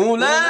Ula.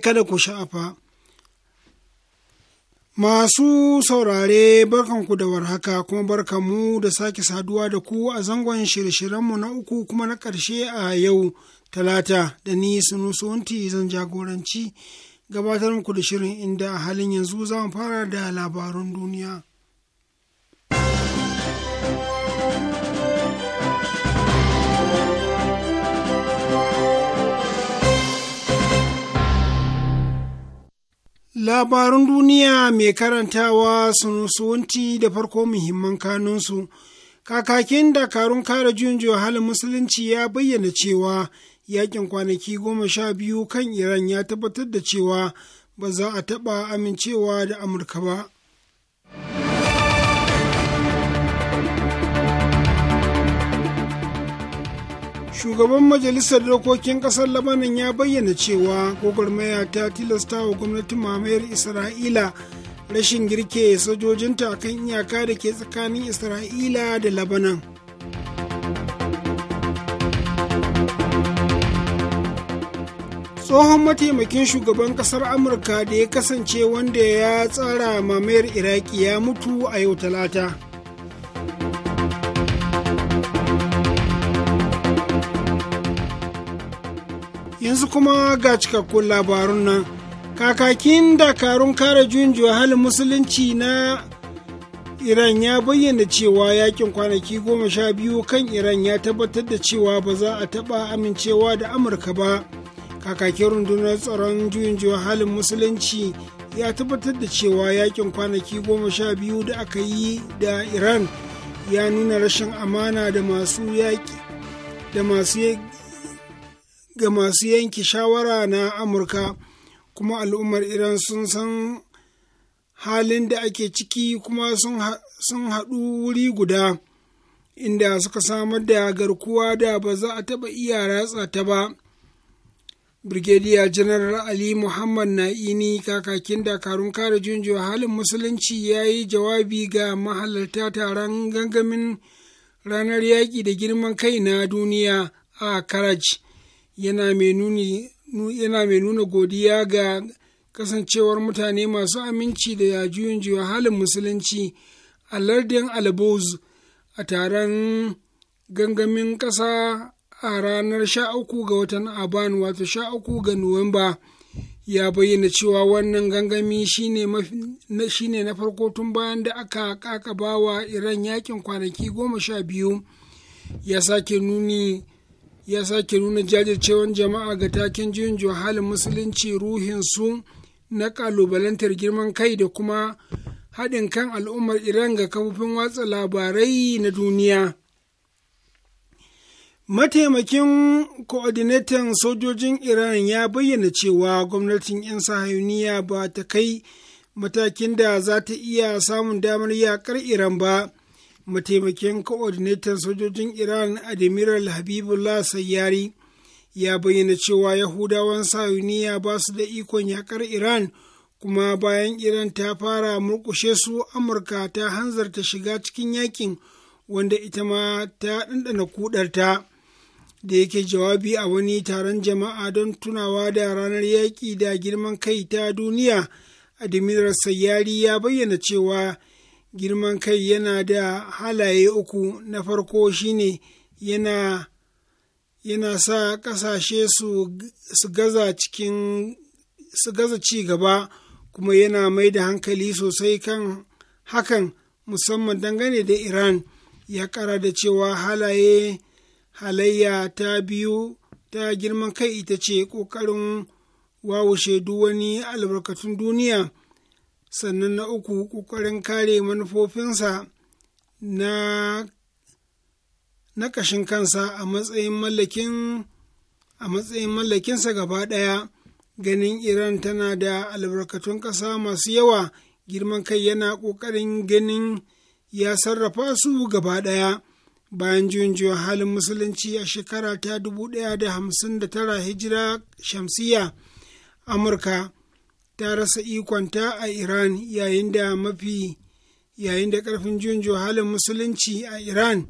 kada ku sha'afa. Masu saurare barkanku da warhaka kuma barkanmu da sake saduwa da ku a zangon shirye-shiryenmu na uku kuma na ƙarshe a yau talata da ni sunusunti zan jagoranci gabatar muku da shirin inda a halin yanzu za mu fara da labarun duniya. Labarun duniya mai karantawa sun da farko muhimman kanunsu. Kakakin dakarun kare juyin halin musulunci ya bayyana cewa yakin kwanaki goma sha biyu kan Iran ya tabbatar da cewa ba za a taɓa amincewa da Amurka ba. shugaban majalisar dokokin kasar Labanan ya bayyana cewa gwagwarmaya ta tilasta wa gwamnatin mamayar isra'ila rashin girke sojojinta kan iyaka da ke tsakanin isra'ila da labanan tsohon mataimakin shugaban kasar amurka da ya kasance wanda ya tsara mamayar iraki ya mutu a yau talata yanzu kuma ga cikakkun labarun nan kakakin dakarun kare juyin halin musulunci na iran ya bayyana cewa yakin kwanaki goma sha biyu kan iran ya tabbatar da cewa ba za a taba amincewa da amurka ba kakakin rundunar tsaron juyin halin musulunci ya tabbatar da cewa yakin kwanaki goma sha biyu da aka yi da iran ya nuna rashin amana da masu yaki ga masu yanki shawara na amurka kuma al'ummar iran sun san halin da ake ciki kuma sun haɗu wuri guda inda suka samar da garkuwa da ba za a taɓa iya ratsa ta ba Brigadier General Ali Muhammad Na'ini kakakin dakarun kare junjo halin musulunci ya yi jawabi ga mahalarta taron gangamin ranar yaƙi da girman kai na duniya a Karaj yana mai nuna godiya ga kasancewar mutane masu aminci da ya juyin juya halin musulunci a lardin alboz a taron gangamin kasa a ranar sha uku ga watan aban wato sha uku ga nuwamba ya bayyana cewa wannan gangami ne na farko tun bayan da aka kakaba wa iran yakin kwanaki goma sha biyu ya sake nuni ya sake nuna jajircewan jama'a ga takin juyin halin musulunci ruhin su na kalubalantar girman kai da kuma haɗin kan al'ummar iran ga kafofin watsa labarai na duniya mataimakin coordinator sojojin iran ya bayyana cewa gwamnatin 'yan sahayuniya ba ta kai matakin da za ta iya samun damar yakar iran ba mataimakin coordinator sojojin iran admiral habibullah sayyari ya bayyana cewa yahudawan sayuniya ba su da ikon yakar iran kuma bayan iran ta fara murkushe su amurka ta hanzarta shiga cikin yakin wanda ita ma ta ɗanɗana kudarta da yake jawabi a wani taron jama'a don tunawa da ranar yaƙi da girman kai ta duniya admiral sayyari ya bayyana cewa girman kai yana da halaye uku na farko shine yana yana sa ƙasashe su gaza cikin su gaza ci gaba kuma yana mai da hankali sosai kan hakan musamman dangane da iran ya kara da cewa halaye halayya ta biyu ta girman kai ita ce ƙoƙarin wawushe duk wani albarkatun duniya sannan na uku ƙoƙarin kare manufofinsa na na ƙashin kansa a matsayin mallakin a matsayin mallakinsa gaba ɗaya ganin iran tana da albarkatun ƙasa masu yawa girman kai yana ƙoƙarin ganin ya sarrafa su gaba ɗaya bayan juyin halin musulunci a shekara ta 1959 hijira shamsiya amurka ta rasa ikonta a iran yayin da mafi yayin da ƙarfin halin musulunci a iran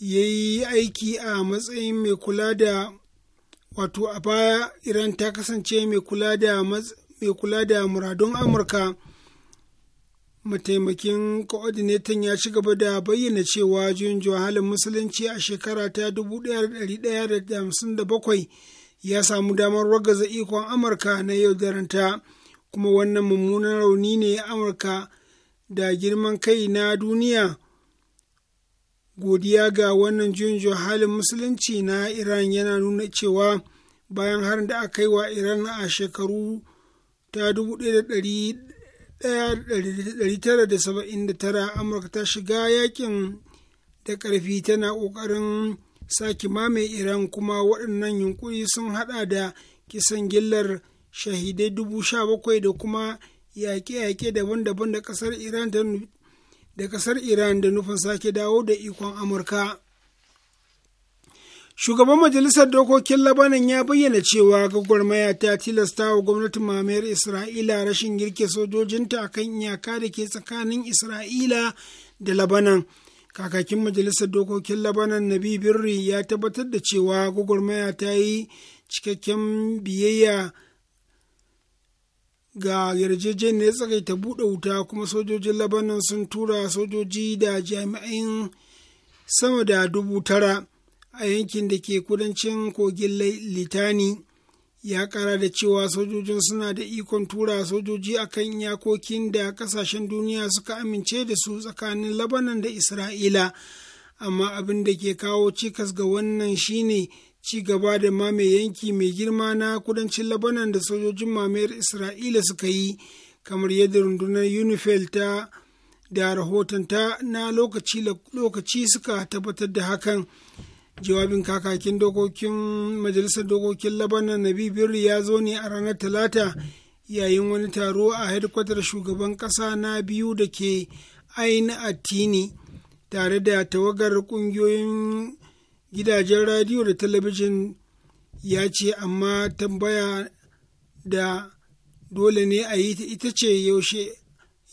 ya yi aiki a matsayin mai kula da wato a baya iran ta kasance mai kula da mai kula da muradun amurka mataimakin coordinator ya ci gaba da bayyana cewa juyin halin musulunci a shekara ta ya samu damar ragaza ikon amurka na yau daranta kuma wannan mummunan rauni ne amurka da girman kai na duniya godiya ga wannan junjo halin musulunci na iran yana nuna cewa bayan harin da aka yi wa iran a shekaru ta 1979 amurka ta shiga yakin da ƙarfi tana kokarin. sa mame iran kuma waɗannan yunkuri sun haɗa da kisan gillar shahidai dubu sha bakwai da kuma yaƙe-yaƙe daban-daban da ƙasar iran da ƙasar nufin sake dawo da ikon amurka shugaban majalisar dokokin labanan ya bayyana cewa gwagwarmaya ta tilasta wa gwamnatin mamayar isra'ila rashin girke sojojinta akan iyaka da ke tsakanin isra'ila da labanan kakakin majalisar dokokin labanan nabi birri ya tabbatar da cewa gwagwarmaya ta yi cikakken biyayya ga yarjejeniyar tsakaita buɗe wuta kuma sojojin labanan sun tura sojoji da jami'in sama da dubu tara a yankin da ke kudancin kogin litani ya kara da cewa sojojin suna da ikon tura sojoji a kan iyakokin da kasashen duniya suka amince da su tsakanin labanan da isra'ila amma abin da ke kawo cikas ga wannan shine ci gaba da mame yanki mai girma na kudancin labanan da sojojin mamayar isra'ila suka yi kamar yadda rundunar unifel ta da rahotonta na lokaci suka tabbatar da hakan. jawabin kakakin dokokin majalisar dokokin labanan na birri ya zo ne a ranar talata yayin wani taro a hedkwatar shugaban kasa na biyu da ke ain tini tare da tawagar kungiyoyin gidajen radiyo da talabijin ya ce amma tambaya da dole ne a yi ita ce yaushe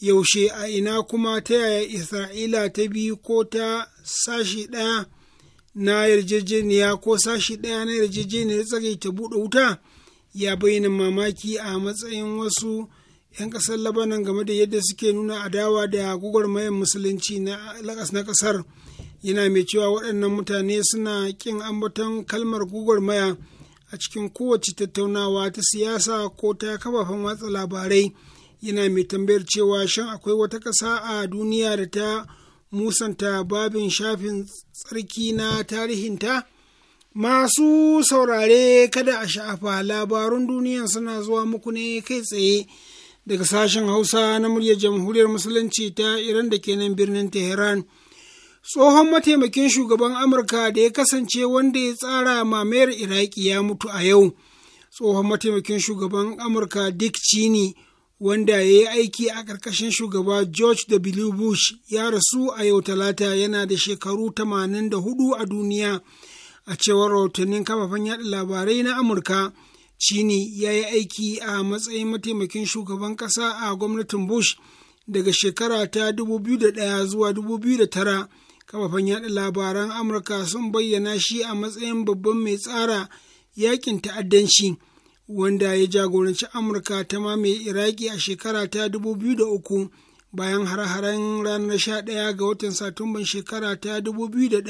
yaushe a ina kuma ta yaya isra'ila ta bi ko ta sashi ɗaya na yarjejeniya ko sashi ɗaya na yarjejeniya yarjejeniyar ta buɗe wuta ya bayyana mamaki a matsayin wasu 'yan ƙasar labanan game da yadda suke nuna adawa da gwagwarmayar musulunci na ƙasar yana mai cewa waɗannan mutane suna ƙin ambaton kalmar gwagwarmaya a cikin kowace tattaunawa ta siyasa ko ta kafafen watsa labarai yana mai tambayar cewa shan akwai wata ƙasa a duniya da ta musanta babin shafin tsarki na tarihinta masu saurare kada a sha'afa labarun duniya suna zuwa muku ne kai tsaye daga sashen hausa na muryar jamhuriyar musulunci ta iran da ke nan birnin tehran tsohon mataimakin shugaban amurka da ya kasance wanda ya tsara mamayar iraki ya mutu a yau tsohon mataimakin shugaban amurka dick cheney wanda ya yi aiki a ƙarƙashin shugaba George W. Bush ya rasu a yau talata yana da shekaru 84 a duniya a cewar rahotannin kafafen yada labarai na Amurka. Chini ya yi aiki a matsayin mataimakin shugaban ƙasa a gwamnatin Bush daga shekara ta 2001 zuwa 2009. Kafafen yada labaran Amurka sun bayyana shi a matsayin babban mai tsara yakin ta'addanci. wanda ya jagoranci amurka ta mamaye iraki a shekara ta 2003 bayan har-haren ranar 11 ga watan satumban shekara ta 2001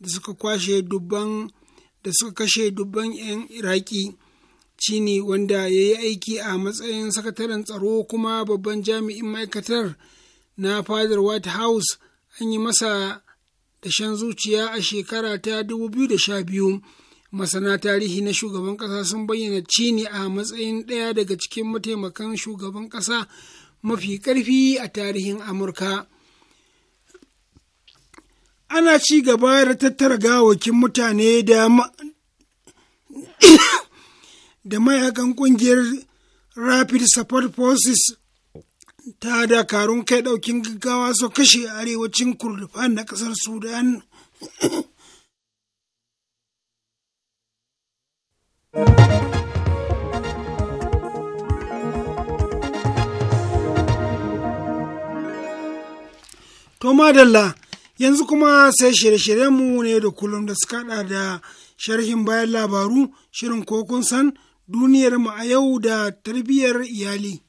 da suka kwashe dubban da suka kashe dubban 'yan iraki cini wanda ya yi aiki a matsayin sakataren tsaro kuma babban jami'in ma'aikatar na fadar white house an yi masa shan zuciya a shekara ta 2012 masana tarihi na shugaban ƙasa sun bayyana cini a matsayin ɗaya daga cikin mataimakan shugaban ƙasa mafi ƙarfi a tarihin amurka ana ci gaba da tattara gawakin mutane da da mayakan ƙungiyar rapid support forces ta dakarun kai ɗaukin gaggawa su kashe arewacin kurdufan na ƙasar sudan To madalla yanzu kuma sai shirye-shiryenmu ne da kullum da suka haɗa da sharhin bayan labaru shirin kokun san mu a yau da tarbiyyar iyali.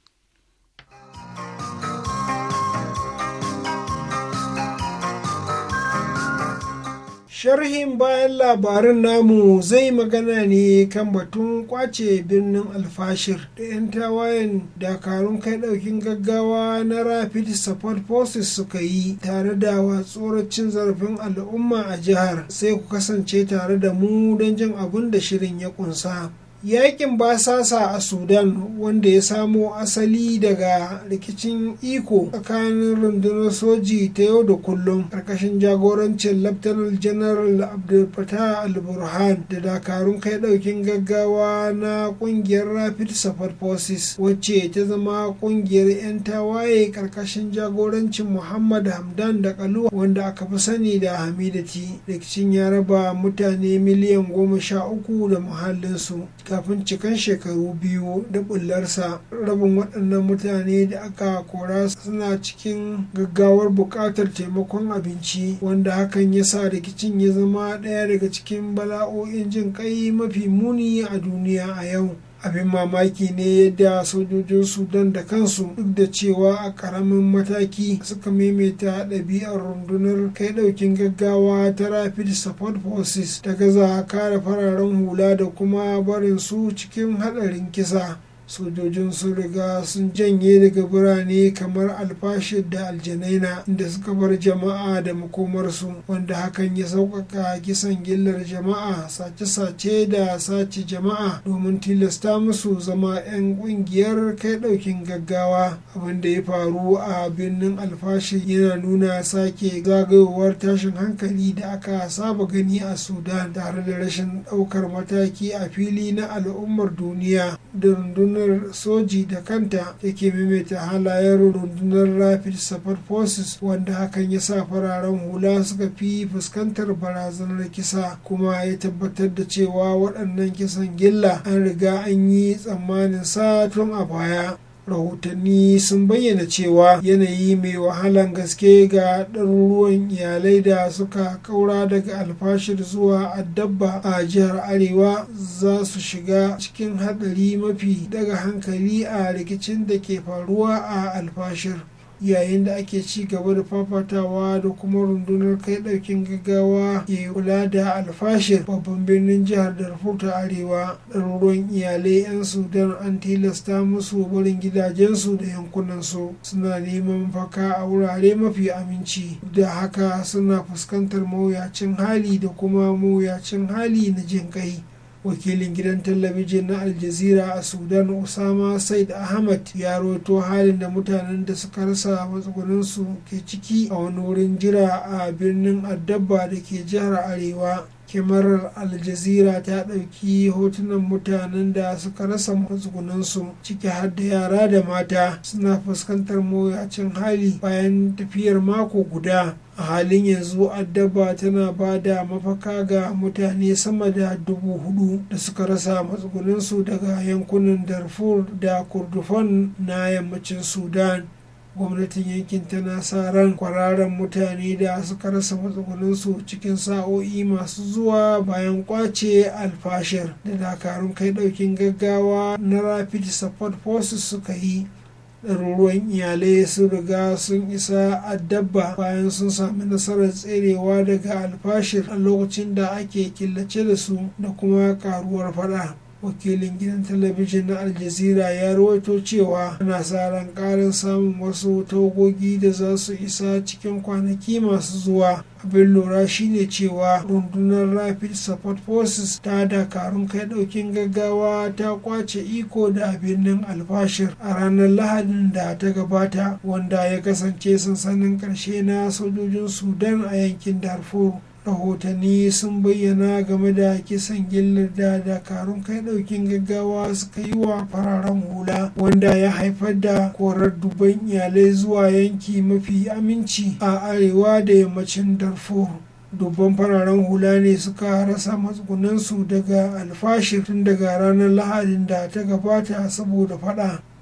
sharhin bayan labarin namu zai magana ne kan batun kwace birnin alfashir da 'yan tawayen dakarun kai daukin gaggawa na rapid support forces suka yi tare da tsoracin zarafin al'umma a jihar sai ku kasance tare da mu don jin abin da shirin ya kunsa yakin basasa a sudan wanda ya samo asali daga rikicin iko tsakanin rundunar soji ta yau da kullum karkashin jagorancin laftanar general abdulfatah al-burhan da dakarun kai daukin gaggawa na kungiyar rapid support forces wacce ta zama kungiyar 'yan tawaye karkashin jagorancin muhammad hamdan da kaluwa wanda aka fi sani da hamidati rikicin ya raba mutane miliyan goma sha uku da muhallinsu kafin cikan shekaru biyu da bullarsa rabin waɗannan mutane da aka kora suna cikin gaggawar buƙatar taimakon abinci wanda hakan ya sa rikicin ya zama ɗaya daga cikin bala'o'in jin ƙai mafi muni a duniya a yau abin mamaki ne yadda sojojin sudan da kansu duk da cewa a karamin mataki suka maimaita ɗabi'ar rundunar kai ɗaukin gaggawa ta rapid support forces ta gaza kare fararen hula da kuma barin su cikin haɗarin kisa sojojin sun riga sun janye daga birane kamar alfashir da aljanaina inda suka bar jama'a da makomarsu wanda hakan ya sauƙaƙa kisan gillar jama'a sace-sace da sace jama'a domin tilasta musu zama 'yan ƙungiyar kai ɗaukin gaggawa abin da ya faru a birnin alfashir yana nuna sake zagayowar tashin hankali da aka saba gani a sudan tare da rashin ɗaukar mataki a fili na al'ummar duniya da rundunar rundunar soji da kanta yake maimaita halayen rundunar rapid support forces wanda hakan ya sa fararen hula suka fi fuskantar barazanar kisa kuma ya tabbatar da cewa waɗannan kisan gilla an riga an yi tsammanin sa tun a baya rahotanni sun bayyana cewa yanayi mai wahalan gaske ga ɗaruruwan iyalai da suka kaura daga alfashir zuwa addabba a jihar arewa za su shiga cikin haɗari mafi daga hankali a rikicin da ke faruwa a alfashir yayin da ake ci gaba da fafatawa da kuma rundunar kai daukin gaggawa ke kula da alfashir babban birnin jihar darfur ta arewa ɗaruruwan iyalai 'yan sudan an tilasta musu barin gidajensu da yankunansu suna neman mafaka a wurare mafi aminci da haka suna fuskantar mawuyacin hali da kuma mawuyacin hali na jin kai wakilin gidan talabijin na aljazira a sudan usama said ahmad ya roto halin da mutanen da suka rasa matsugunansu ke ciki a wani wurin jira a birnin addabba da ke jihar arewa kyamarar aljazira ta ɗauki hotunan mutanen da suka rasa matsugunansu ciki har da yara da mata suna fuskantar mawuyacin hali bayan tafiyar mako guda a halin yanzu addaba tana ba da mafaka ga mutane sama da dubu hudu da suka rasa matsugunansu daga yankunan darfur da kurdufan na yammacin sudan gwamnatin yankin tana sa ran kwararan mutane da suka rasa matsugunansu cikin sa'o'i masu zuwa bayan kwace alfashir da dakarun kai daukin gaggawa na rapid support forces suka yi ɗaruruwan iyalai su riga sun isa a dabba, bayan sun sami nasarar tserewa daga alfashir a lokacin da ake killace da su da kuma karuwar fada wakilin gidan talabijin na aljazira ya rawaito cewa ana sa ran karin samun wasu tagogi da za su isa cikin kwanaki masu zuwa abin lura shine cewa rundunar rapid support forces ta dakarun kai daukin gaggawa ta kwace iko da birnin albashir a ranar lahadin da ta gabata wanda ya kasance sansanin karshe na sojojin sudan a yankin darfur rahotanni sun bayyana game da kisan gillar da dakarun kai daukin gaggawa suka yi wa fararen hula wanda ya haifar da korar dubban iyalai zuwa yanki mafi aminci a arewa da yammacin darfur dubban fararen hula ne suka rasa matsugunansu daga alfashir tun daga ranar lahadin da ta gabata saboda fada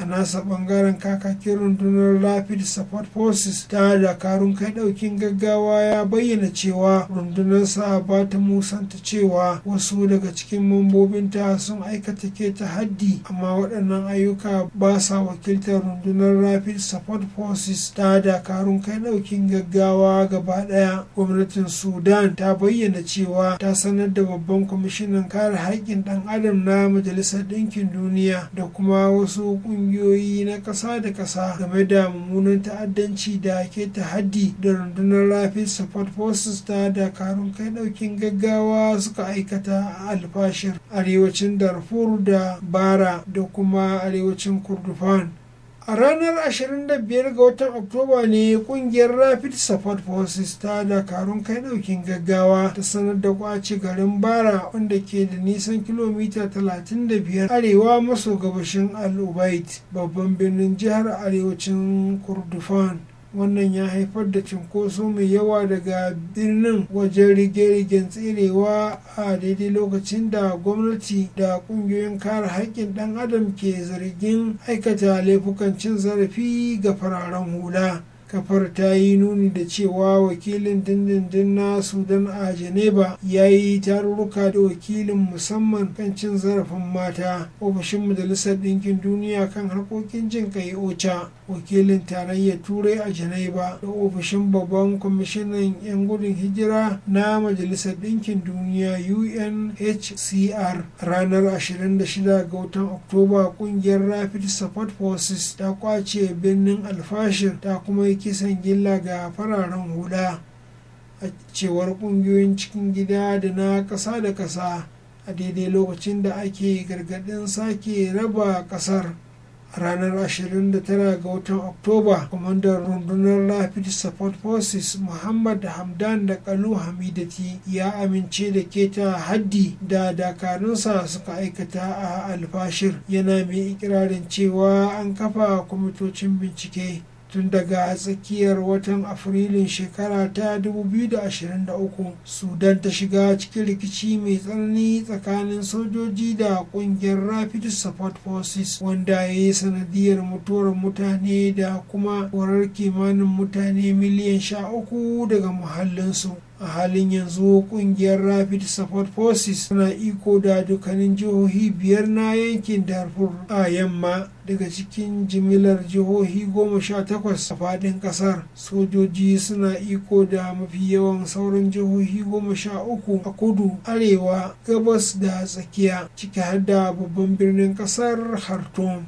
a nasa bangaren kakakin rundunar rapid support forces ta dakarun kai daukin gaggawa ya bayyana cewa rundunarsa ba ta musanta cewa wasu daga cikin mambobinta sun aikata ke ta haddi amma waɗannan ayyuka ba sa wakiltar rundunar rapid support forces ta dakarun kai daukin gaggawa gaba ɗaya gwamnatin sudan ta bayyana cewa ta sanar da babban kwamishinan kare haƙƙin ɗan adam na majalisar ɗinkin duniya da kuma wasu ƙungiyoyi kungiyoyi na ƙasa da ƙasa game da mummunan ta'addanci da ke ta haddi da rundunar rapid support forces ta dakarun kai ɗaukin gaggawa suka aikata a alfashir arewacin darfur da bara da kuma arewacin kurdufan a ranar 25 ga watan oktoba ne kungiyar rapid support forces ta dakarun kai daukin gaggawa ta sanar da kwace garin bara wanda ke da nisan kilomita 35 arewa maso gabashin al babban birnin jihar arewacin kurdufan wannan ya haifar da cinkoso mai yawa daga birnin wajen rige-rigen tserewa a daidai lokacin da gwamnati da kungiyoyin kare haƙƙin ɗan adam ke zargin aikata laifukan cin zarafi ga fararen hula kafar ta yi nuni da cewa wakilin dindindin na sudan a geneva ya yi tarurruka da wakilin musamman kan cin zarafin mata ofishin majalisar ɗinkin duniya kan harkokin jin kai ocha wakilin tarayyar turai a janaiba da ofishin babban kwamishinan 'yan gudun hijira na majalisar ɗinkin duniya unhcr ranar 26 ga watan oktoba kungiyar rapid support forces ta kwace birnin alfashir ta kuma yi kisan gilla ga fararen hula a cewar kungiyoyin cikin gida da na ƙasa da ƙasa a daidai lokacin da ake gargaɗin sake raba ƙasar ranar 29 ga watan oktoba kwamandan rundunar rapid support forces muhammad hamdan da kalu hamidati ya amince da keta haddi da dakarunsa suka aikata a alfashir yana mai ikirarin cewa an kafa kwamitocin bincike tun daga tsakiyar watan afrilun shekara ta 2023 sudan ta shiga cikin rikici mai tsanani tsakanin sojoji da kungiyar rapid support forces wanda ya yi sanadiyar mutuwar mutane da kuma korar kimanin mutane miliyan 13 daga muhallinsu a halin yanzu kungiyar rapid support forces tana iko da dukkanin jihohi biyar na yankin darfur a yamma daga cikin jimilar jihohi goma sha takwas a fadin kasar sojoji suna iko da mafi yawan sauran jihohi goma sha uku a kudu arewa gabas da tsakiya ciki har da babban birnin kasar khartoum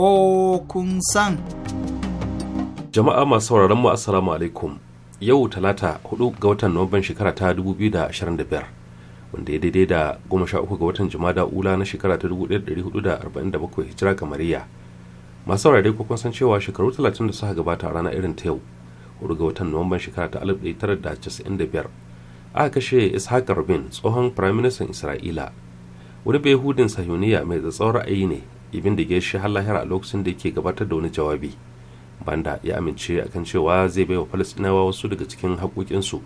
ko kun san. Jama'a masu sauraron mu Assalamu alaikum. Yau Talata 4 ga watan Nuwamban shekara ta 2025 wanda ya daidai da 13 ga watan Jumada Ula na shekara ta 1447 Hijira kamariya. Masu saurare ko kun san cewa shekaru 30 da suka gabata a rana irin ta yau, 4 ga watan Nuwamban shekara ta 1995 aka kashe Ishaq Rabin tsohon Firaministan Isra'ila. Wani bai hudin sahuniya mai tsatsauwar ra'ayi ne ya da shi har lahira a lokacin da yake gabatar da wani jawabi banda ya amince kan cewa zai baiwa falastinawa wasu daga cikin haƙoƙinsu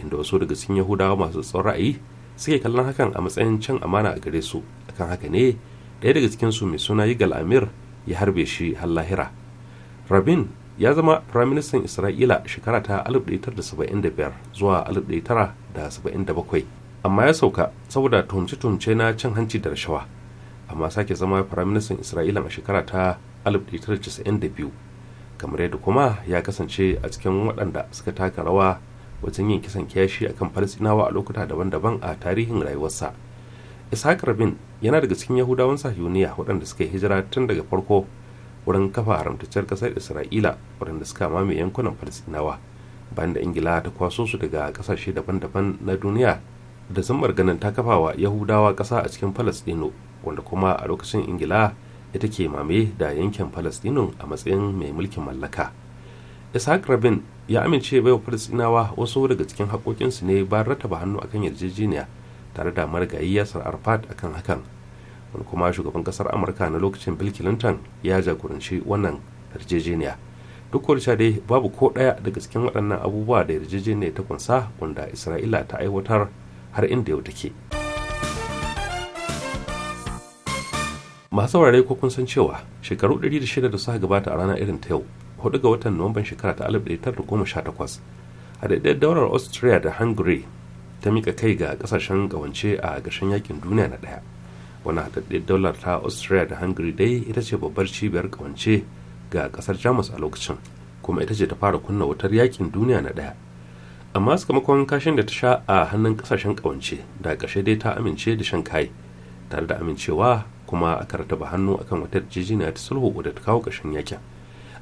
inda wasu daga cikin yahudawa masu tsawon ra'ayi suke kallon hakan a matsayin cin amana a gare su akan haka ne ɗaya daga cikinsu mai suna yigal amir ya harbe shi har lahira rabin ya zama firaministan isra'ila shekara ta 1975 zuwa 1977 amma ya sauka saboda tuhumce-tuhumce na cin hanci da rashawa amma sake zama firaministan isra'ila a shekara ta 1992 kamar yadda kuma ya kasance a cikin waɗanda suka taka rawa wajen yin kisan kiyashi akan falasinawa a lokuta daban-daban a tarihin rayuwarsa ishaq rabin yana daga cikin yahudawan sahuniya waɗanda suka hijira tun daga farko wurin kafa haramtacciyar ƙasar isra'ila waɗanda suka mamaye yankunan falasinawa bayan da ingila ta kwaso su daga ƙasashe daban-daban na duniya da zimmar ganin ta kafawa yahudawa ƙasa a cikin falastino wanda kuma a lokacin ingila ita ke mame da yankin falastino a matsayin mai mulkin mallaka ishaq rabin ya amince baiwa falastinawa wasu daga cikin haƙoƙinsu ne bayan rataba hannu akan yarjejeniya tare da marigayi yasar arfat akan hakan wani kuma shugaban ƙasar amurka na lokacin bill clinton ya jagoranci wannan yarjejeniya duk da dai babu ko ɗaya daga cikin waɗannan abubuwa da yarjejeniya ta kunsa wanda isra'ila ta aiwatar har inda yau take masu wurare ko kun san cewa shekaru 106 da suka gabata a ranar irin ta yau hudu ga watan nuwamban shekara ta 1918 a daidai daular austria da hungary ta mika kai ga kasashen kawance a gashin yakin duniya na daya wani haɗaɗɗen daular ta austria da hungary dai ita ce babbar cibiyar kawance ga kasar jamus a lokacin kuma ita ce ta fara kunna wutar yakin duniya na daya amma sakamakon kashin da ta sha a hannun kasashen kawance da kashe dai ta amince da shan kai tare da amincewa kuma aka rataba hannu akan wata jijiniya ta sulhu da ta kawo ƙashin yakin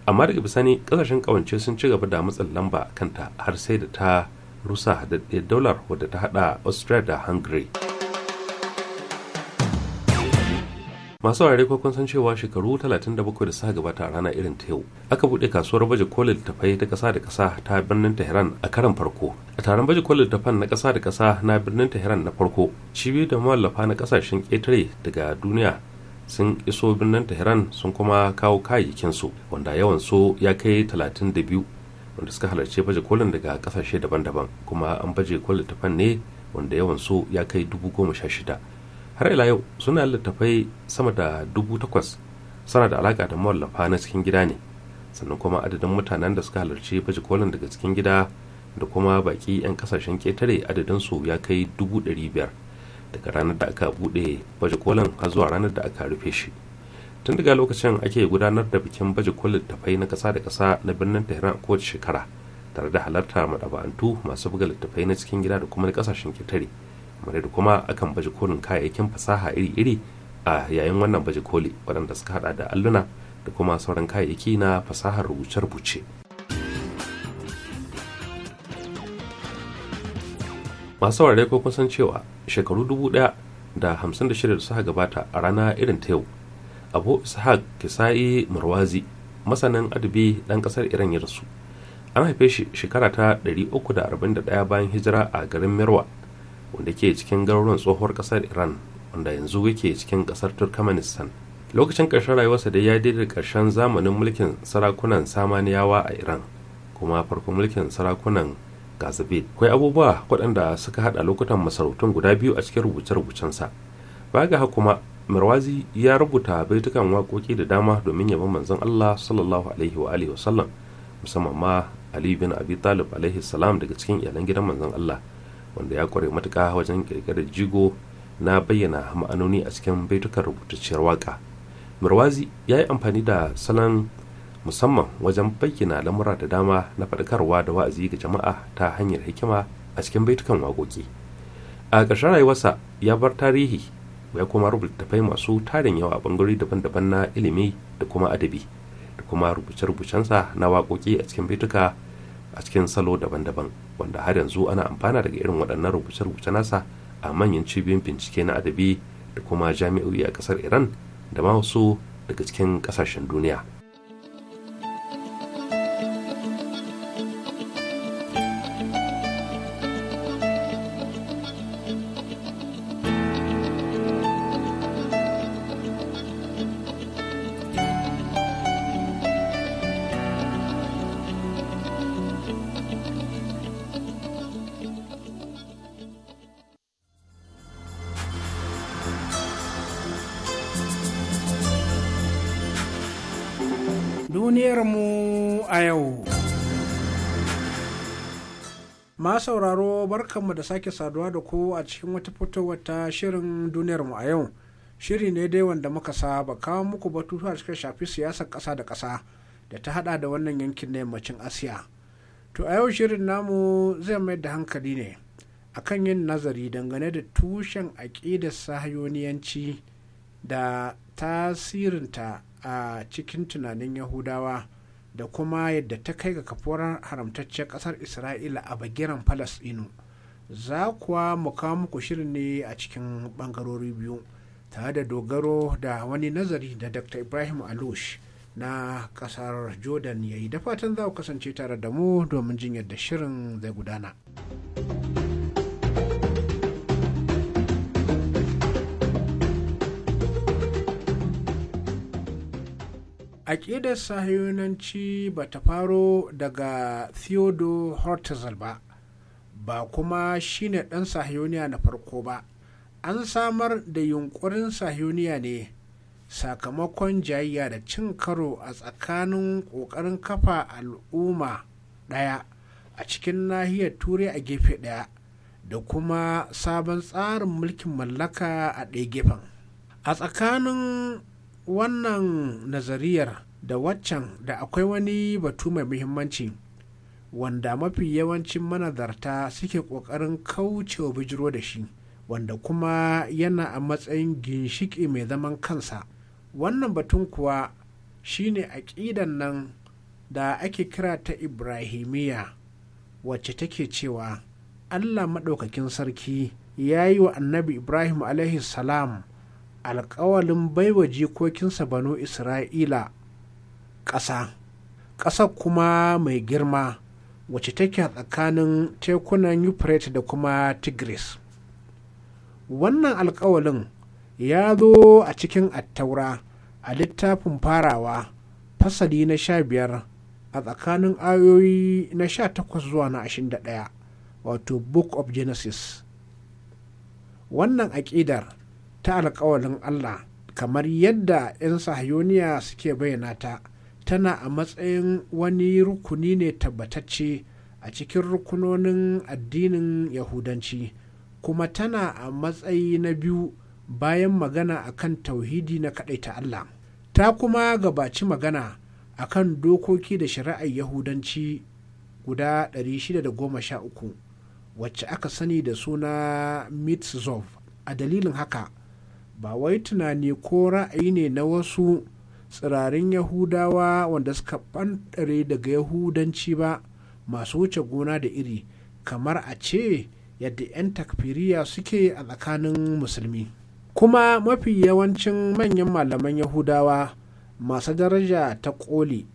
amma daga bisani kasashen kawance sun ci gaba da matsin lamba kanta har sai da ta rusa da dalar wadda ta hada austria da hungary masu ware ko kun san cewa shekaru 37 da suka gabata a rana irin ta yau aka bude kasuwar baje kolin littafai ta kasa da kasa ta birnin tehran a karan farko a taron baje kolin littafan na kasa da kasa na birnin tehran na farko cibiyar da mallafa na kasashen ƙetare daga duniya sun iso birnin tehran sun kuma kawo kayayyakin su wanda yawan su ya kai 32 wanda suka halarci baje kolin daga kasashe daban-daban kuma an baje kolin tafan ne wanda yawan su ya kai shida har ila yau suna littafai sama da dubu takwas suna da alaƙa da mawallafa na cikin gida ne sannan kuma adadin mutanen da suka halarci baje kolin daga cikin gida da kuma baƙi 'yan kasashen ketare adadin su ya kai dubu ɗari biyar daga ranar da aka buɗe baje kolin har zuwa ranar da aka rufe shi tun daga lokacin ake gudanar da bikin baje kolin littafai na kasa da kasa na birnin tehran kowace shekara tare da halarta madaba'antu masu buga littafai na cikin gida da kuma na ƙasashen ƙetare kamar da kuma akan baje kolin kayayyakin fasaha iri-iri a yayin wannan baje koli waɗanda suka hada da alluna da kuma sauran kayayyaki na fasahar rubuce-rubuce masu saurare ko kun cewa shekaru dubu ɗaya da hamsin da shida da suka gabata a rana irin ta yau abu ishaq kisai marwazi masanin adabi ɗan ƙasar iran ya rasu an haife shi shekara ta 341 bayan hijira a garin merwa wanda ke cikin garuruwan tsohuwar kasar iran wanda yanzu yake cikin kasar turkmenistan lokacin ƙarshen rayuwarsa da ya daidai ƙarshen zamanin mulkin sarakunan samaniyawa a iran kuma farkon mulkin sarakunan gazabit akwai abubuwa waɗanda suka haɗa lokutan masarautun guda biyu a cikin rubuce-rubucensa ba ga kuma marwazi ya rubuta baitukan waƙoƙi da dama domin yabon manzon Allah sallallahu alaihi wa alihi musamman ma Ali bin Abi Talib alaihi salam daga cikin iyalan gidan manzon Allah wanda ya kware matuka wajen ƙirƙirar jigo na bayyana ma'anoni a cikin baitukan rubutacciyar waƙa mirwazi ya yi amfani da salon musamman wajen bayyana lamura da dama na faɗakarwa da wa'azi ga jama'a ta hanyar hikima a cikin baitukan waƙoƙi a ƙarshen rayuwarsa ya bar tarihi ya kuma rubuta tafai masu tarin yawa a ɓangarori daban-daban na ilimi da kuma adabi da kuma rubuce-rubucensa na waƙoƙi a cikin baituka a cikin salo daban-daban wanda har yanzu ana amfana daga irin waɗannan rubuce-rubuce nasa a manyan cibiyoyin bincike na adabi da kuma jami'o'i a ƙasar iran da ma wasu daga cikin ƙasashen duniya mu a yau. Ma sauraro barkanmu da sake saduwa da ku a cikin wata fitowar ta shirin duniyarmu a yau. Shiri ne dai wanda muka saba kawo muku batutu a cikin shafi siyasar ƙasa da ƙasa da ta hada da wannan yankin na yammacin Asiya. To a yau shirin namu zai mai da hankali ne akan yin nazari dangane da tushen aƙidar sahayoniyanci da tasirinta a cikin tunanin yahudawa da kuma yadda ta kai ga kafuwar haramtaccen ƙasar isra'ila a bagiran falasɗinu za kuwa mu kawo muku shirin ne a cikin bangarori biyu tare da dogaro da wani nazari da dr ibrahim alush na ƙasar jordan ya yi da fatan za ku kasance tare da mu domin jin yadda shirin zai gudana. aƙidar sahiyonanci ba ta faro daga theodore hortzel ba ba kuma shine ɗan sahiyoniya na farko ba an samar da yunkurin sahiyoniya ne sakamakon jayayya da cin karo a tsakanin ƙoƙarin kafa al'umma ɗaya a cikin nahiyar turai a gefe ɗaya da kuma sabon tsarin mulkin mallaka a ɗaya gefen a tsakanin wannan nazariyar da waccan da akwai wani batu mai muhimmanci wanda mafi yawancin manazarta suke ƙoƙarin kaucewa bijiro da shi wanda kuma yana a matsayin ginshiƙi mai zaman kansa wannan batun kuwa shine aƙidan nan da ake kira ta Ibrahimiya wacce take cewa allah maɗaukakin sarki ya yi wa annabi ibrahim salam alkawalin baiwa jikokinsa banu isra'ila ƙasa ƙasa kuma mai girma wacce take tsakanin tekunan euphrates da kuma tigris wannan alkawalin ya zo a cikin attaura a littafin farawa fasali na sha biyar a tsakanin ayoyi na sha takwas zuwa na ashirin da ɗaya wato book of genesis wannan aƙidar ta alkawalin Allah kamar yadda 'yan sahayoniya suke bayyana ta tana a matsayin wani rukuni ne tabbatacce a cikin rukunonin addinin yahudanci kuma tana a matsayi na biyu bayan magana akan tauhidi na ta Allah ta kuma gabaci magana akan dokoki da shari'ar yahudanci guda 613 wacce aka sani da suna mitzvot a dalilin haka ba wai tunani ko ra'ayi ne na wasu tsirarin yahudawa wanda suka ɓantare daga yahudanci ba masu wuce gona da iri kamar a ce yadda 'yan takfiriya suke a tsakanin musulmi kuma mafi yawancin manyan malaman yahudawa masu daraja ta koli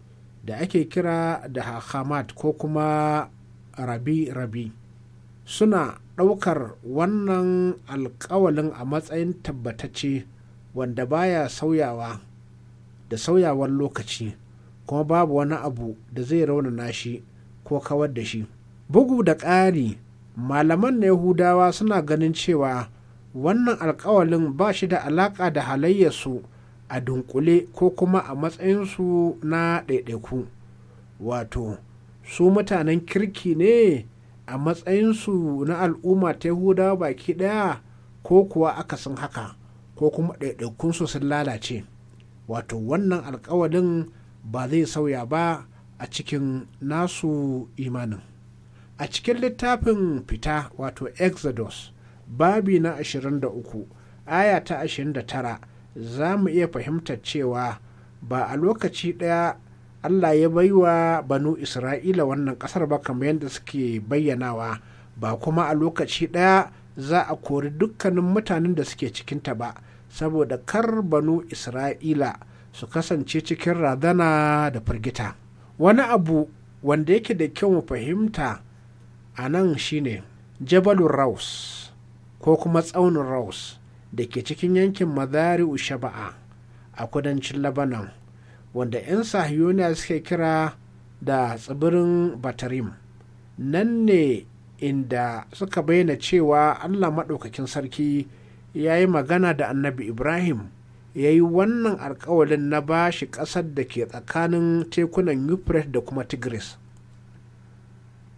da ake kira da hamad ko kuma rabi-rabi suna ɗaukar wannan alkawalin a matsayin tabbatacce wanda baya sauyawa da sauyawar lokaci kuma babu wani abu da zai raunana shi ko kawar da shi bugu da ƙari malaman na yahudawa suna ganin cewa wannan alkawalin ba shi da alaƙa da halayyarsu a dunkule ko kuma a matsayinsu na ɗaiɗaiku wato su mutanen kirki ne a matsayinsu na al'umma ta huda baki ɗaya ko kuwa akasin haka ko kuma ɗaiɗaikunsu sun lalace wato wannan alkawalin ba zai sauya ba a cikin nasu imanin a cikin littafin fita wato exodus babi na 23 aya ta 29 za mu iya fahimtar cewa ba a lokaci ɗaya allah ya bai wa banu isra'ila wannan ƙasar ba kamar yadda suke bayyanawa ba kuma a lokaci ɗaya za a kori dukkanin mutanen da suke cikinta ba saboda kar banu isra'ila su kasance cikin radana da firgita wani abu wanda yake da kyau mu fahimta a nan shine jabalun raus ko kuma tsaunin raus da ke cikin yankin mazari'u shaba'a a kudancin labanan wanda 'yan sahiyoniya suke kira da tsibirin batarim nan ne inda suka bayyana cewa allah maɗaukakin sarki ya yi magana da annabi ibrahim ya yi wannan alkawalin na ba shi ƙasar da ke tsakanin tekunan euphrates da kuma tigris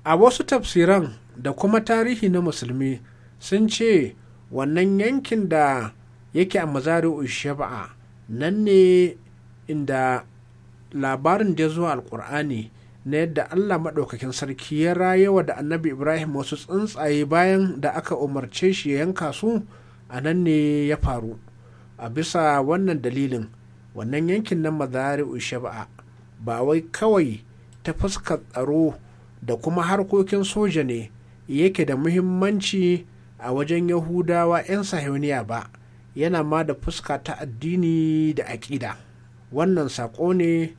a wasu tafsiran da kuma tarihi na musulmi sun ce wannan yankin da yake a mazari'u shaba'a nan ne inda labarin da ya zo alkur'ani na yadda allah maɗaukakin sarki ya rayewa da annabi ibrahim wasu tsuntsaye bayan da aka umarce shi ya yanka su a nan ne ya faru a bisa wannan dalilin wannan yankin na mazari shaba'a ba wai kawai ta fuska tsaro da kuma harkokin soja ne yake da muhimmanci a wajen yahudawa 'yan sahiyoniya ba yana ma da fuska ta addini da aƙida wannan saƙo ne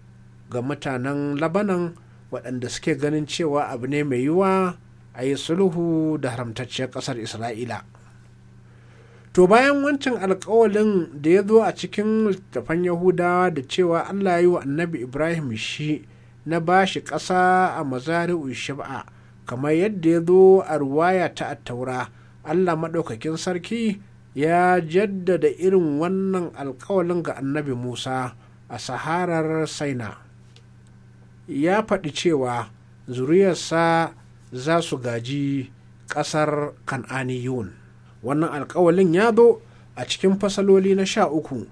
ga mutanen labanan waɗanda suke ganin cewa abu ne mai yiwuwa a yi sulhu da haramtacciyar ƙasar isra'ila to bayan wancan alkawalin da ya zo a cikin littattafan yahudawa da cewa allah yi wa annabi ibrahim shi na ba shi ƙasa a mazari shab'a kamar yadda ya zo a ruwaya ta attaura allah maɗaukakin sarki ya jaddada irin wannan alkawalin ga annabi musa a saharar saina ya faɗi cewa zuriyarsa za su gaji ƙasar kan'aniyun wannan alkawalin ya zo a cikin fasaloli na sha uku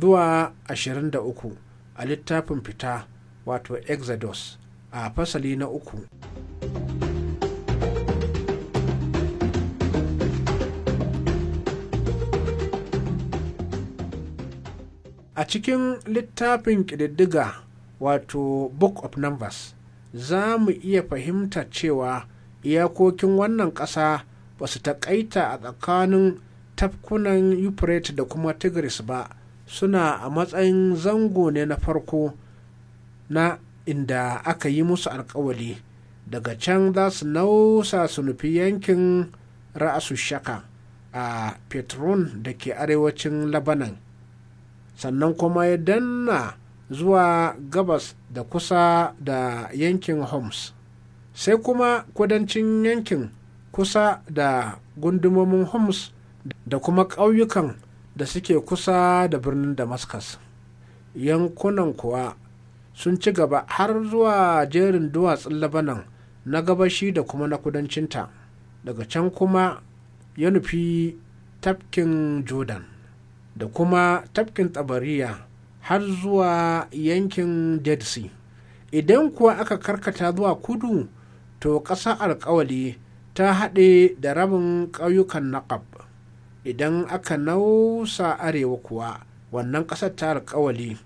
zuwa ashirin da uku a littafin fita wato exodus a fasali na uku a cikin littafin ƙididdiga wato book of numbers za mu iya fahimta cewa iyakokin wannan ƙasa ba su taƙaita a tsakanin tafkunan euphrates da kuma tigris ba suna a matsayin zango ne na farko na inda aka yi musu alkawali daga can za su nausa su nufi yankin ra'asu shaka a petron da ke arewacin labanan sannan kuma ya danna zuwa gabas da kusa da yankin homs sai kuma kudancin yankin kusa da gundumomin homs da kuma ƙauyukan da suke kusa da birnin damascus yankunan kuwa sun ci gaba har zuwa jerin duwatsun labanan na gabashi da kuma na kudancinta daga can kuma ya nufi tafkin jordan da kuma tafkin tsabariya har zuwa yankin dead sea idan kuwa aka karkata zuwa kudu to ƙasa alkawali ta haɗe da rabin ƙauyukan naƙab idan aka nausa arewa kuwa wannan ƙasar ta alkawali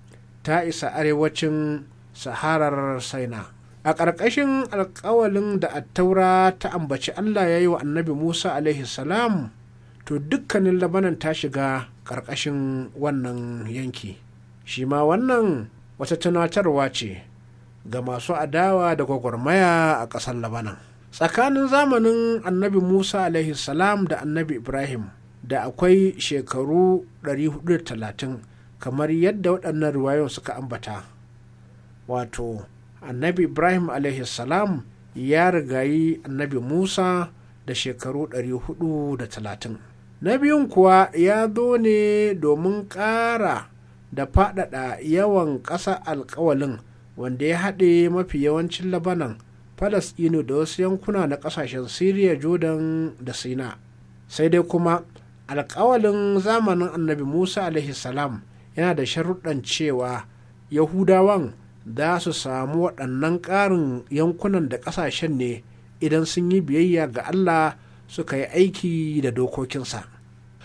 ta isa arewacin saharar saina a ƙarƙashin alkawalin da attaura ta ambaci allah ya yi wa annabi musa alaihi salam to dukkanin labanan ta shiga ƙarƙashin wannan yanki shi ma wannan wata tunatarwa ce ga masu adawa da gwagwarmaya a ƙasar labanan tsakanin zamanin annabi musa salam da annabi ibrahim da akwai shekaru 430 kamar yadda waɗannan ruwayon suka ambata wato annabi ibrahim salam ya rigayi annabi musa da shekaru 430 na biyun kuwa ya zo ne domin ƙara da faɗaɗa yawan ƙasa alkawalin wanda ya haɗe mafi yawancin labanan falasɗinu da wasu yankuna na ƙasashen siriya jordan da sina sai dai kuma alkawalin zamanin annabi musa salam yana da sharuɗan cewa yahudawan za su samu waɗannan ƙarin yankunan da ƙasashen ne idan sun yi biyayya ga allah suka yi aiki da dokokinsa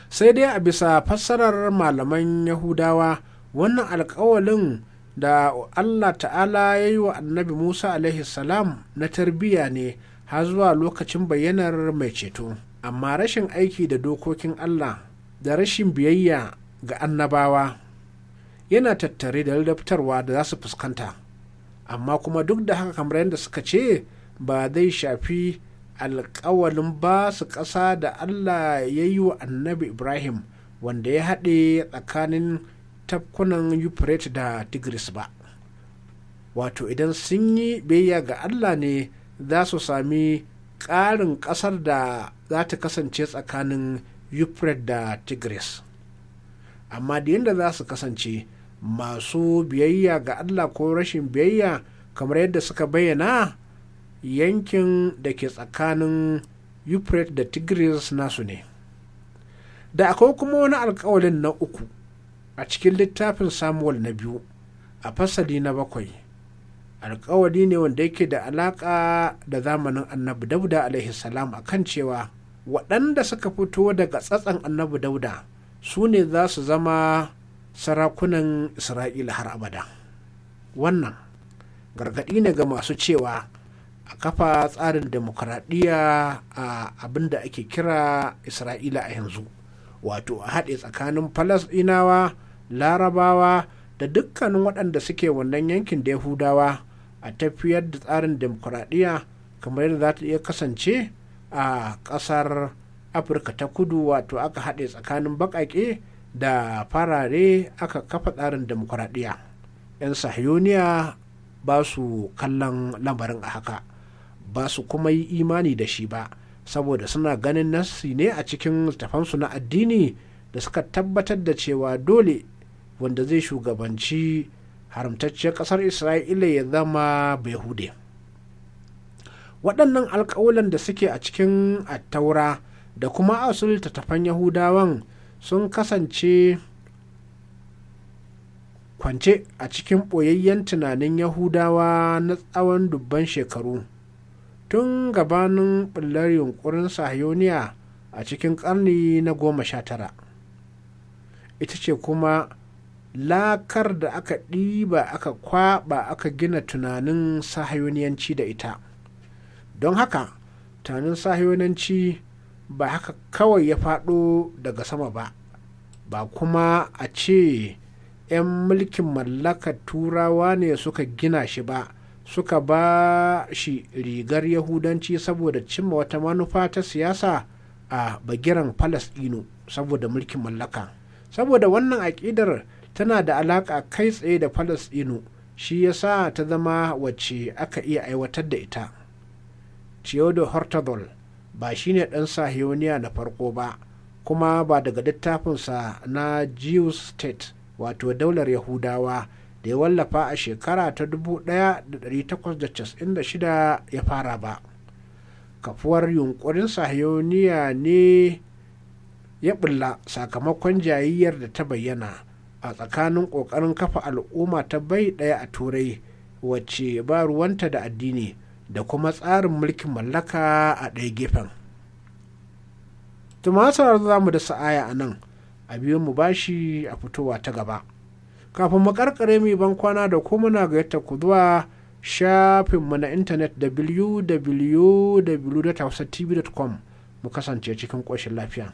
sai dai a bisa fassarar malaman yahudawa wannan alkawalin da allah ta'ala ya yi wa annabi musa salam na tarbiyya ne har zuwa lokacin bayyanar mai ceto amma rashin aiki da dokokin allah da rashin biyayya ga annabawa yana tattare da ladabtarwa da za su fuskanta amma kuma duk da haka kamar yadda suka ce ba zai shafi alkawalin ba su ƙasa da allah ya yi wa annabi ibrahim wanda ya haɗe tsakanin tafkunan euphrates da tigris ba wato idan sun yi biyayya ga allah ne za su sami ƙarin ƙasar da za ta kasance tsakanin euphrates da tigris amma da yadda za su kasance masu biyayya ga allah ko rashin biyayya kamar yadda suka bayyana yankin da ke tsakanin euphrates da tigris nasu ne da akwai kuma wani alkawalin na uku a cikin littafin samuwal na biyu a fasali na bakwai alkawari ne wanda yake da alaƙa da zamanin annabi dauda alaihi salam a kan cewa waɗanda suka fito daga tsatsan annabi dauda su ne za su zama sarakunan isra'ila har abada wannan gargaɗi ne ga masu cewa a kafa tsarin demokuraɗiyya a abin da ake kira isra'ila a yanzu wato a haɗe tsakanin falasɗinawa larabawa da dukkanin waɗanda suke wannan yankin da yahudawa a tafiyar da tsarin demokuraɗiyya kamar yadda za ta iya kasance a ƙasar afirka ta kudu wato aka haɗe tsakanin baƙaƙe da farare aka kafa tsarin demokuraɗiyya 'yan sahiyoniya ba su kallon lamarin a haka ba su kuma yi imani da shi ba saboda suna ganin nasi ne a cikin tafansu na addini da suka tabbatar da cewa dole wanda zai shugabanci haramtacciyar ƙasar isra'ila ya zama hude. waɗannan alƙawulan da suke a cikin attaura da kuma asul tattafan yahudawan sun kasance kwance a cikin ɓoyayyen tunanin yahudawa na tsawon dubban shekaru tun gabanin ɓullar yunkurin sahiyoniya a cikin ƙarni na goma sha tara ita ce kuma lakar da aka ɗiba aka kwaɓa aka gina tunanin sahayoniyanci da ita don haka tunanin sahayoniyanci ba haka kawai ya faɗo daga sama ba ba kuma a ce 'yan mulkin mallakar turawa ne suka gina shi ba suka ba shi rigar yahudanci saboda cimma wata manufa ta siyasa a bagiran falasɗinu saboda mulkin mallaka saboda wannan aƙidar tana da alaƙa kai tsaye da falasɗinu shi ya sa ta zama wacce aka iya aiwatar da ita Theodore hortadol ba shine ɗan sahiyoniya na farko ba kuma ba daga littafinsa na Jews state wato daular yahudawa da ya wallafa a shekara ta 1896 ya fara ba kafuwar yunkurin sahiyoniya ne ya bulla sakamakon jayayyar da ta bayyana a tsakanin ƙoƙarin kafa al'umma ta bai ɗaya a turai wacce ba ruwanta da addini da kuma tsarin mulkin mallaka a ɗaya gefen tumasar za mu da sa'aya a nan a biyu mu bashi a fitowa ta gaba kafin mu karkare mu ban kwana da kuma na yadda ku zuwa shafinmu na intanet www.tv.com mu kasance cikin ƙoshin lafiya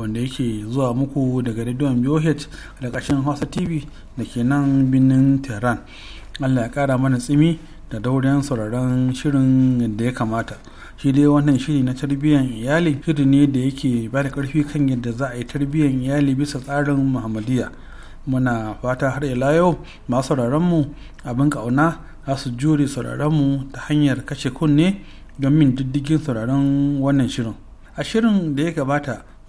wanda yake zuwa muku daga rediyon BOH da ƙarshen Hausa TV da ke nan birnin Tehran. Allah ya kara mana tsimi da daurin sauraron shirin da ya kamata. Shi dai wannan shiri na tarbiyyar iyali shiri ne da yake ba da karfi kan yadda za a yi tarbiyyar iyali bisa tsarin Muhammadiyya. Muna fata har ila yau ma sauraronmu abin kauna za su jure sauraronmu ta hanyar kashe kunne don min diddigin sauraron wannan shirin. a shirin da ya gabata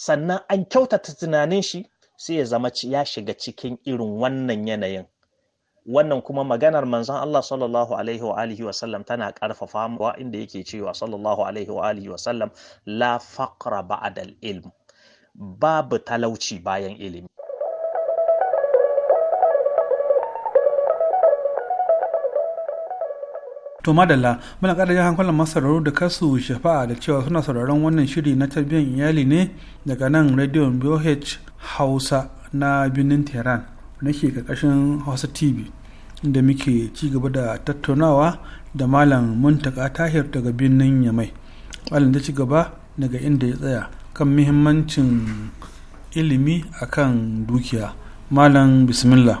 sannan an kyautata tunanin shi sai ya zama ya shiga cikin irin wannan yanayin wannan kuma maganar manzon Allah sallallahu alaihi wa alihi wa sallam tana karfafa wa inda yake cewa sallallahu alaihi wa alihi wa sallam la faqra ba'da ilm babu talauci bayan ilimi To madalla muna kada jihar hankalin masararru da kasu shafa'a da cewa suna sauraron wannan shiri na tarbiyyar iyali ne daga nan rediyon BOH Hausa na birnin Tehran na ke ƙarƙashin Hausa TV inda muke ci gaba da tattaunawa da Malam Muntaka Tahir daga birnin Yamai. Malam ta ci gaba daga inda ya tsaya kan muhimmancin ilimi akan dukiya. Malam Bismillah.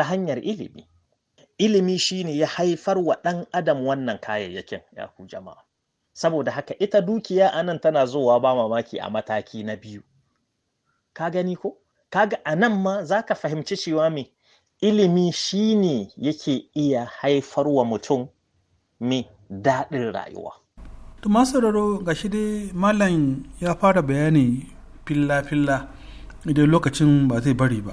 ta hanyar ilimi ilimi shi ne ya haifar wa ɗan adam wannan kayayyakin ya ku jama'a saboda haka ita dukiya a nan tana zuwa ba mamaki a mataki na biyu ka gani ko ka ga a nan ma za ka fahimci cewa me ilimi shi ne yake iya haifar wa mutum me daɗin rayuwa to masararo ga shi dai malam ya fara bayani filla-filla idan lokacin ba zai bari ba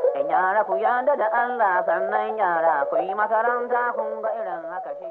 yara ku yanda da Allah sannan yara ku yi makaranta kun ga irin haka shi